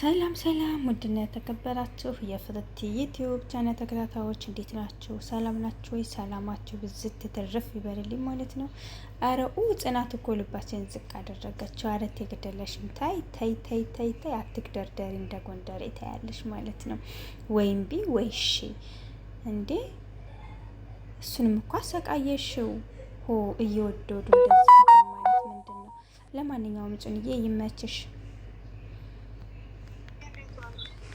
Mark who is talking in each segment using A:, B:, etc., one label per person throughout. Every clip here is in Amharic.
A: ሰላም ሰላም፣ ውድና የተከበራችሁ የፍርት ዩቲዩብ ቻናል ተከታታዮች እንዴት ናችሁ? ሰላም ናችሁ ወይ? ሰላማችሁ ብዝት ትርፍ ይበልልኝ ማለት ነው። አረኡ ጽናት እኮ ልባችን ዝቅ አደረገችው። አረት የገደለሽም ታይ ታይ ታይ ታይ ታይ አትግደርደሪ እንደ ጎንደር ታያለሽ ማለት ነው። ወይም ቢ ወይ ሺ እንዴ እሱንም እኳ አሰቃየሽው። ሆ እየወደዱ ማለት ምንድን ነው? ለማንኛውም ጽንዬ ይመችሽ።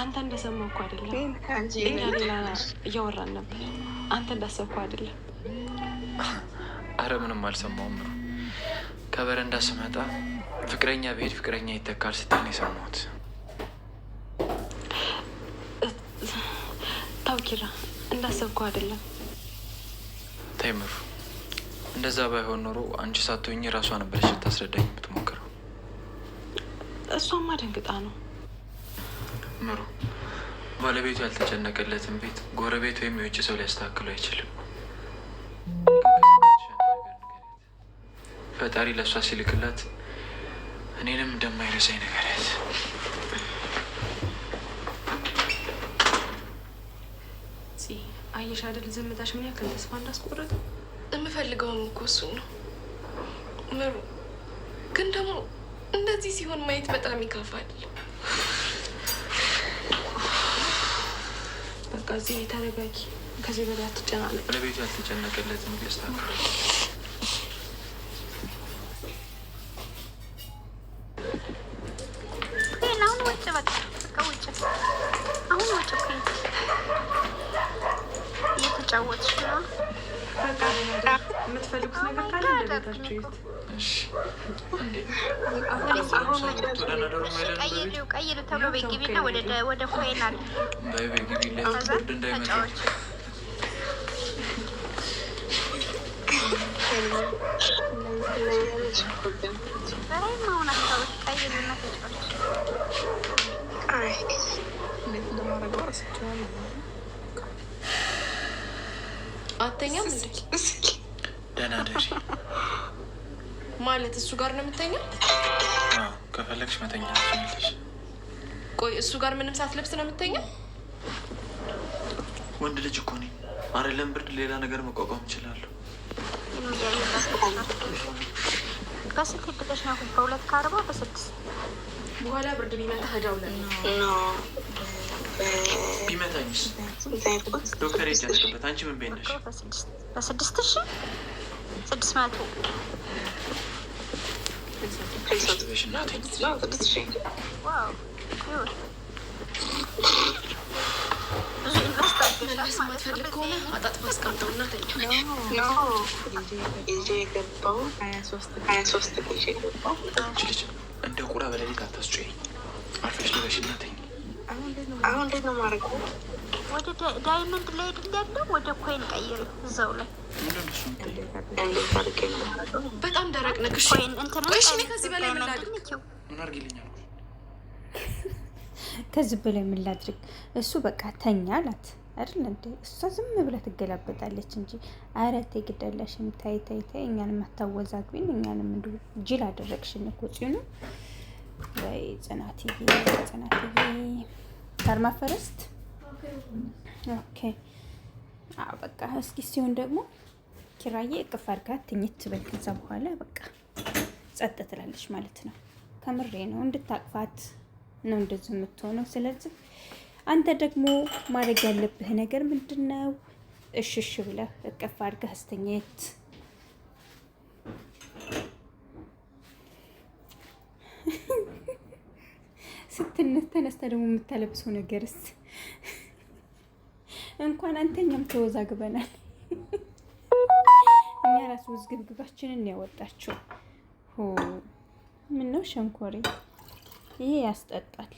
B: አንተ እንደሰማው እኮ አይደለም፣ እኛ ሌላ እያወራን ነበር። አንተ እንዳሰብኩ አይደለም።
C: አረ ምንም አልሰማውም ነው። ከበረንዳ ስመጣ ፍቅረኛ ብሄድ ፍቅረኛ ይተካል ስትል የሰማሁት።
B: ታው ኪራ እንዳሰብኩ አይደለም።
C: ተይምሩ እንደዛ ባይሆን ኖሮ አንቺ ሳትሆኝ ራሷ ነበረች ልታስረዳኝ የምትሞክረው።
B: እሷማ ደንግጣ ነው
C: ምሩ። ባለቤቱ ያልተጨነቀለትን ቤት ጎረቤት ወይም የውጭ ሰው ሊያስተካክሉ አይችልም። ፈጣሪ ለእሷ ሲልክላት እኔንም እንደማይረሳኝ ነገርያት።
B: አየሽ አይደል ዝምታሽ ምን ያክል ተስፋ እንዳስቆረጠው። የምፈልገውም እኮ እሱን ነው ምሩ። ግን ደግሞ እንደዚህ ሲሆን ማየት በጣም ይከፋል። በቃ እዚህ ተረጋጊ። ከዚህ በላይ አትጨናነቅ።
C: ለቤቱ ያልተጨነቀለት ምግስ
D: አሁን ወጭ በቃ እየተጫወትሽ ነው። ቀይሉ ቀይሉ ተብሎ ቤት ግቢና ወደ ፋይናል
C: ተጫዋች
B: ቀይሉና ተጫዋች አተኛም ደህና ደሪ ማለት እሱ ጋር ነው የምተኛ?
C: ከፈለግሽ መተኛ
B: ቆይ እሱ ጋር ምንም ሳትለብስ ነው የምተኛ?
C: ወንድ ልጅ እኮ ነኝ አይደለም? ብርድ ሌላ ነገር መቋቋም እችላለሁ።
D: ከስንት ይብቀሽ ነው? በሁለት ከአርባ በስድስት
B: በኋላ ብርድ ቢመጣ ህዳውለ
C: ቢመታኝስ? ዶክተር ሄጅ ያስገበት አንቺ ምን
D: በስድስት ሺ ስድስት መቶ
C: ቁራ በሌሊት አታስጮኝ። አርፈሽ ልበሽ እናተኝ
E: አሁን እንዴት ነው ማድረግ?
D: ወደ ዳይመንድ ላይ ድንዳለው ወደ ኮይን ቀይር። እዛው ላይ
B: በጣም ደረቅ ነክሽ። ከዚህ በላይ
A: ምን ላድርግ? እሱ በቃ ተኛ አላት አይደል እንዴ? እሷ ዝም ብላ ትገላበጣለች እንጂ አረ ተይ ግደለሽም፣ ታይ ታይ ታይ፣ እኛንም አታወዛግቢን፣ እኛንም እንዲሁ ጅል አደረግሽን እኮ ጽኑ ወይ ጽናት ጽናትዬ ታርማ ፈርስት ኦኬ አዎ በቃ እስኪ ሲሆን ደግሞ ኪራዬ እቅፍ አድርጋት ትኝት ትበል። ከዛ በኋላ በቃ ጸጥ ትላለች ማለት ነው። ከምሬ ነው እንድታቅፋት ነው እንደዚህ የምትሆነው። ስለዚህ አንተ ደግሞ ማድረግ ያለብህ ነገር ምንድን ነው? እሽሽ ብለህ እቅፍ አድርገህ አስተኛየት ተነስተ ደግሞ የምታለብሰው ነገርስ እንኳን አንተኛም ተወዛግበናል። እኛ ራሱ ውዝግብግባችንን ያወጣችው። ነው ሸንኮሬ ይሄ ያስጠጣል።